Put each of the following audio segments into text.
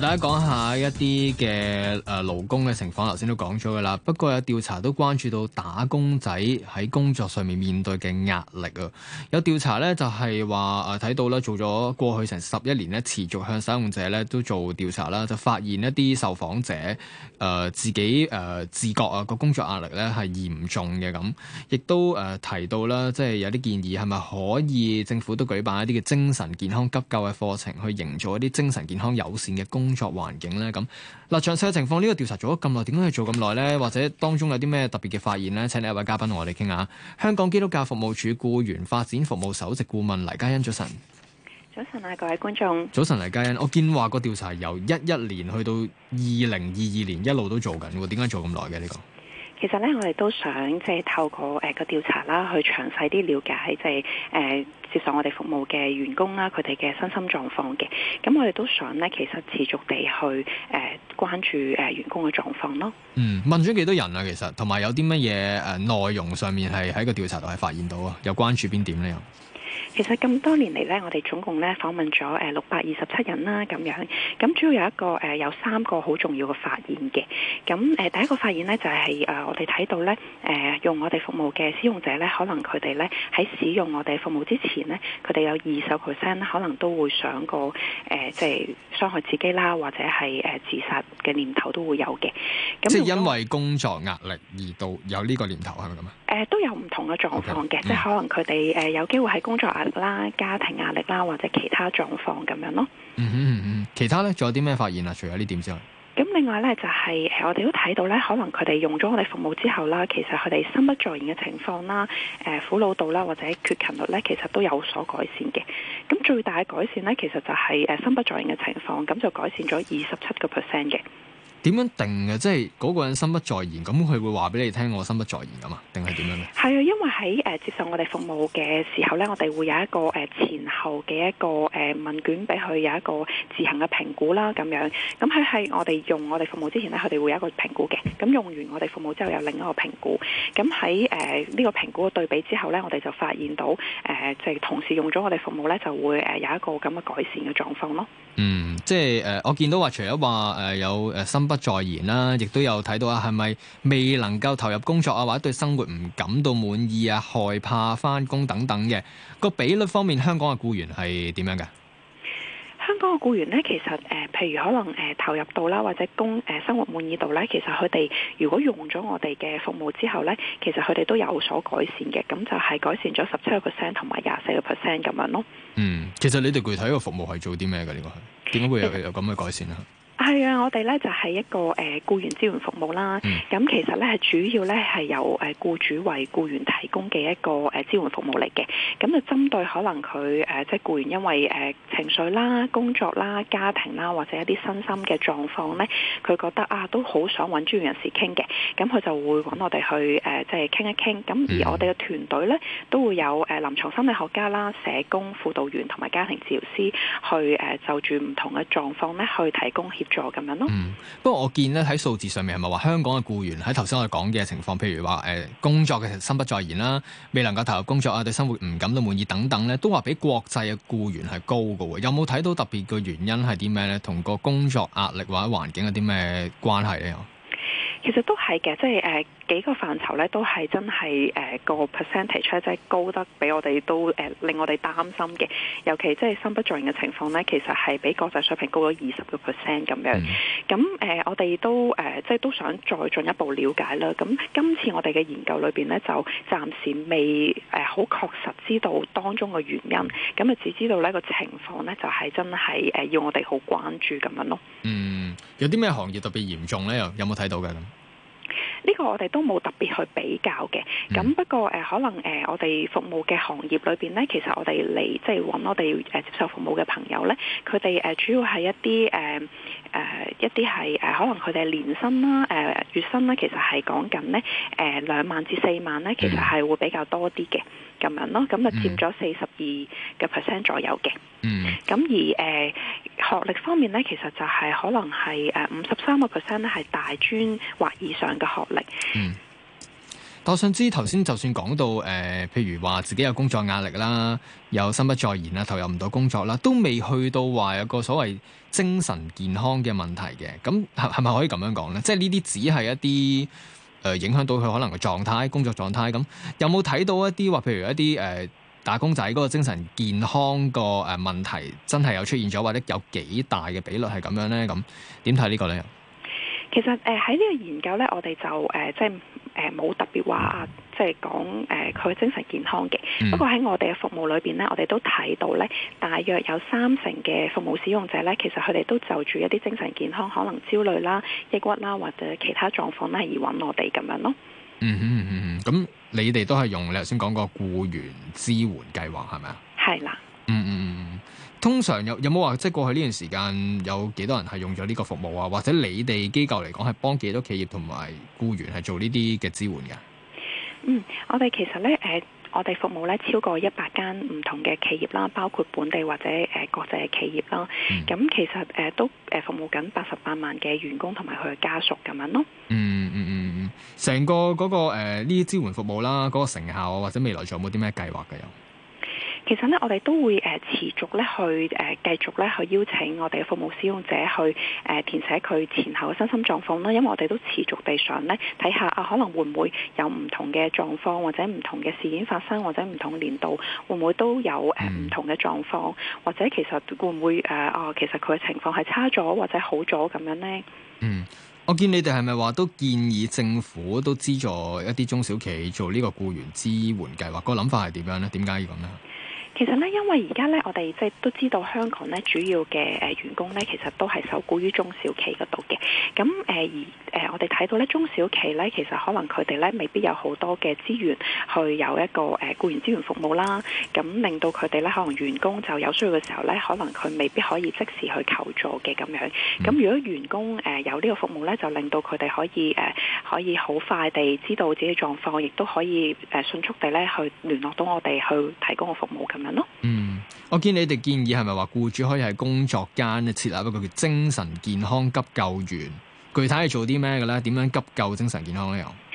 大家講下一啲嘅誒勞工嘅情況，頭先都講咗噶啦。不過有調查都關注到打工仔喺工作上面面對嘅壓力啊。有調查咧就係話誒睇到啦，做咗過去成十一年咧，持續向使用者咧都做調查啦，就發現一啲受訪者誒、呃、自己誒、呃、自覺啊個工作壓力咧係嚴重嘅咁，亦都誒、呃、提到啦，即係有啲建議係咪可以政府都舉辦一啲嘅精神健康急救嘅課程，去營造一啲精神健康友善嘅工作工作環境呢？咁嗱，詳細嘅情況，呢個調查做咗咁耐，點解要做咁耐呢？或者當中有啲咩特別嘅發現呢？請你一位嘉賓同我哋傾下。香港基督教服務處僱員發展服務首席顧問黎嘉欣，早晨！早晨啊，各位觀眾，早晨黎嘉欣。我見話個調查由一一年去到二零二二年一路都做緊喎，點解做咁耐嘅呢個？其實咧，我哋都想即係透過誒個調查啦，去詳細啲了解即係誒、呃、接受我哋服務嘅員工啦，佢哋嘅身心狀況嘅。咁我哋都想咧，其實持續地去誒、呃、關注誒員工嘅狀況咯。嗯，問咗幾多人啊？其實同埋有啲乜嘢誒內容上面係喺個調查度係發現到啊？有關注邊點呢？又？其實咁多年嚟呢，我哋總共咧訪問咗誒六百二十七人啦，咁樣咁主要有一個誒、呃、有三個好重要嘅發現嘅。咁誒、呃、第一個發現呢，就係、是、誒、呃、我哋睇到呢，誒、呃、用我哋服務嘅使用者呢，可能佢哋呢喺使用我哋服務之前呢，佢哋有二十 percent 可能都會想過誒即係傷害自己啦，或者係誒自殺嘅念頭都會有嘅。咁即係因為工作壓力而到有呢個念頭係咪咁啊？誒、呃、都有唔同嘅狀況嘅，okay, 嗯、即係可能佢哋誒有機會喺工作壓力。壓力啦、家庭壓力啦，或者其他狀況咁樣咯。嗯哼嗯哼，其他咧，仲有啲咩發現啊？除咗呢點之外，咁另外咧就係誒，我哋都睇到咧，可能佢哋用咗我哋服務之後啦，其實佢哋心不在焉嘅情況啦、誒、呃、苦惱度啦或者缺勤率咧，其實都有所改善嘅。咁最大嘅改善咧，其實就係誒心不在焉嘅情況，咁就改善咗二十七個 percent 嘅。點樣定嘅？即係嗰個人心不在焉，咁佢會話俾你聽我心不在焉咁嘛？定係點樣咧？係啊，因為喺誒接受我哋服務嘅時候咧，我哋會有一個誒前後嘅一個誒問卷俾佢有一個自行嘅評估啦，咁樣。咁佢係我哋用我哋服務之前咧，佢哋會有一個評估嘅。咁用完我哋服務之後有另一個評估。咁喺誒呢個評估嘅對比之後咧，我哋就發現到誒即係同時用咗我哋服務咧，就會誒有一個咁嘅改善嘅狀況咯。嗯，即係誒我見到話，除咗話誒有誒心不再言啦，啊，亦都有睇到啊，係咪未能夠投入工作啊，或者對生活唔感到滿意啊，害怕返工等等嘅個比率方面，香港嘅僱員係點樣嘅？香港嘅僱員咧，其實誒，譬、呃、如可能誒、呃、投入度啦，或者工誒、呃、生活滿意度咧，其實佢哋如果用咗我哋嘅服務之後咧，其實佢哋都有所改善嘅，咁就係改善咗十七個 percent 同埋廿四個 percent 咁樣咯。嗯，其實你哋具體個服務係做啲咩嘅？呢個係點解會有有咁嘅改善啊？係啊，我哋咧就係一個誒僱員支援服務啦。咁其實咧係主要咧係由誒僱主為僱員提供嘅一個誒支援服務嚟嘅。咁就針對可能佢誒即係僱員因為誒情緒啦、工作啦、家庭啦或者一啲身心嘅狀況咧，佢覺得啊都好想揾專業人士傾嘅。咁佢就會揾我哋去誒即係傾一傾。咁而我哋嘅團隊咧都會有誒臨牀心理學家啦、社工、輔導員同埋家庭治療師去誒就住唔同嘅狀況咧去提供協。咁樣咯。嗯，不過我見咧喺數字上面係咪話香港嘅僱員喺頭先我哋講嘅情況，譬如話誒、呃、工作嘅心不在焉啦，未能夠投入工作啊，對生活唔感到滿意等等咧，都話比國際嘅僱員係高㗎喎。有冇睇到特別嘅原因係啲咩咧？同個工作壓力或者環境有啲咩關係咧？其實都係嘅，即係誒、呃、幾個範疇咧，都係真係誒、呃、個 percent 提出即係高得，比我哋都誒、呃、令我哋擔心嘅。尤其即係心不在嘅情況咧，其實係比國際水平高咗二十個 percent 咁樣。咁誒、呃，我哋都誒、呃、即係都想再進一步了解啦。咁今次我哋嘅研究裏邊咧，就暫時未誒好確實知道當中嘅原因。咁啊，只知道呢個情況咧就係、是、真係誒、呃、要我哋好關注咁樣咯。嗯。有啲咩行業特別嚴重呢？又有冇睇到嘅咁？呢個我哋都冇特別去比較嘅，咁、嗯、不過誒、呃，可能誒、呃、我哋服務嘅行業裏邊咧，其實我哋嚟即係揾我哋誒接受服務嘅朋友咧，佢哋誒主要係一啲誒誒一啲係誒可能佢哋年薪啦、誒、呃、月薪啦，其實係講緊咧誒兩萬至四萬咧，其實係會比較多啲嘅咁樣咯，咁就佔咗四十二嘅 percent 左右嘅。嗯。咁而誒學歷方面咧，其實就係可能係誒五十三個 percent 咧係大專或以上嘅學。嗯，但我想知頭先就算講到誒、呃，譬如話自己有工作壓力啦，有心不在焉啦，投入唔到工作啦，都未去到話有個所謂精神健康嘅問題嘅。咁係咪可以咁樣講呢？即係呢啲只係一啲誒、呃、影響到佢可能嘅狀態、工作狀態。咁有冇睇到一啲話，譬如一啲誒、呃、打工仔嗰個精神健康個誒問題，真係有出現咗，或者有幾大嘅比率係咁樣呢？咁點睇呢個呢？其實誒喺呢個研究咧，我哋就誒即係誒冇特別話啊，即係講誒佢嘅精神健康嘅。不過喺我哋嘅服務裏邊咧，我哋都睇到咧，大約有三成嘅服務使用者咧，其實佢哋都就住一啲精神健康可能焦慮啦、抑鬱啦或者其他狀況咧而揾我哋咁樣咯。嗯哼嗯嗯嗯，咁你哋都係用你頭先講個僱員支援計劃係咪啊？係啦。嗯嗯嗯，通常有有冇話即係過去呢段時間有幾多人係用咗呢個服務啊？或者你哋機構嚟講係幫幾多企業同埋僱員係做呢啲嘅支援嘅？嗯，我哋其實咧，誒、呃，我哋服務咧超過一百間唔同嘅企業啦，包括本地或者誒、呃、國際嘅企業啦。咁、嗯、其實誒、呃、都誒服務緊八十八萬嘅員工同埋佢嘅家屬咁樣咯。嗯嗯嗯嗯，成、嗯嗯、個嗰、那個誒呢啲、呃、支援服務啦，嗰、那個成效或者未來仲有冇啲咩計劃嘅又？其實咧，我哋都會誒持續咧去誒繼續咧去邀請我哋嘅服務使用者去誒填寫佢前後嘅身心狀況啦。因為我哋都持續地上咧睇下啊，可能會唔會有唔同嘅狀況，或者唔同嘅事件發生，或者唔同年度會唔會都有誒唔同嘅狀況，或者其實會唔會誒啊、呃，其實佢嘅情況係差咗或者好咗咁樣呢。嗯，我見你哋係咪話都建議政府都資助一啲中小企做呢個僱員支援計劃？個諗法係點樣呢？點解要咁咧？其實咧，因為而家咧，我哋即係都知道香港咧，主要嘅誒員工咧，其實都係受僱於中小企嗰度嘅。咁誒而誒、呃，我哋睇到咧，中小企咧，其實可能佢哋咧未必有好多嘅資源去有一個誒僱員支援服務啦。咁令到佢哋咧可能員工就有需要嘅時候咧，可能佢未必可以即時去求助嘅咁樣，咁如果員工誒有呢個服務咧，就令到佢哋可以誒可以好快地知道自己狀況，亦都可以誒迅速地咧去聯絡到我哋去提供個服務。咁樣咯。嗯，我見你哋建議係咪話僱主可以喺工作間設立一個叫精神健康急救員？具體係做啲咩嘅咧？點樣急救精神健康呢？又。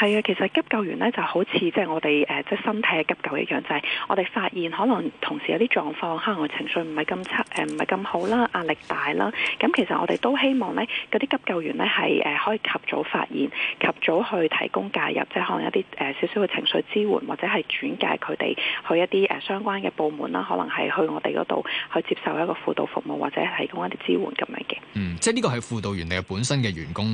係啊，其實急救員咧就好似即係我哋誒即係身體嘅急救一樣，就係我哋發現可能同時有啲狀況，可能我情緒唔係咁差誒，唔係咁好啦，壓力大啦。咁其實我哋都希望咧嗰啲急救員咧係誒可以及早發現，及早去提供介入，即係可能一啲誒少少嘅情緒支援，或者係轉介佢哋去一啲誒相關嘅部門啦，可能係去我哋嗰度去接受一個輔導服務，或者提供一啲支援咁樣嘅。嗯，即係呢個係輔導員你本身嘅員工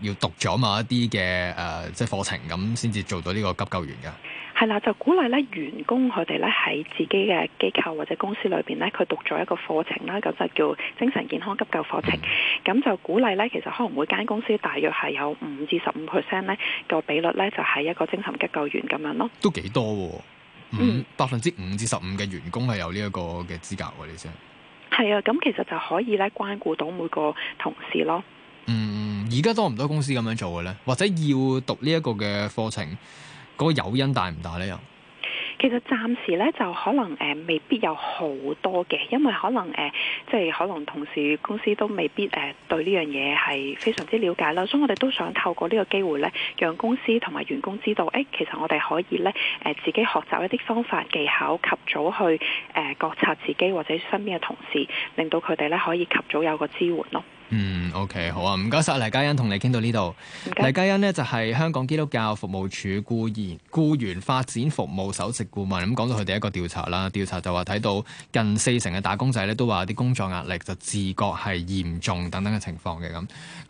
要讀咗某一啲嘅誒即係課程。咁先至做到呢個急救員噶係啦，就鼓勵咧員工佢哋咧喺自己嘅機構或者公司裏邊咧，佢讀咗一個課程啦，咁就叫精神健康急救課程。咁、嗯、就鼓勵咧，其實可能每間公司大約係有五至十五 percent 咧，個比率咧，就係一個精神急救員咁樣咯。都幾多，五百分之五至十五嘅員工係有呢一個嘅資格，你知唔知？係啊。咁其實就可以咧關顧到每個同事咯。嗯。而家多唔多公司咁樣做嘅咧？或者要讀呢一個嘅課程，嗰個誘因大唔大咧？又其實暫時咧就可能誒，未必有好多嘅，因為可能誒，即係可能同事公司都未必誒對呢樣嘢係非常之了解啦。所以我哋都想透過呢個機會咧，讓公司同埋員工知道，誒，其實我哋可以咧誒自己學習一啲方法技巧，及早去誒覺察自己或者身邊嘅同事，令到佢哋咧可以及早有個支援咯。嗯，OK，好啊，唔該晒。謝謝黎嘉欣，同你傾到呢度。黎嘉欣呢，就係、是、香港基督教服務處雇員雇員發展服務首席顧問。咁講到佢哋一個調查啦，調查就話睇到近四成嘅打工仔咧都話啲工作壓力就自覺係嚴重等等嘅情況嘅咁。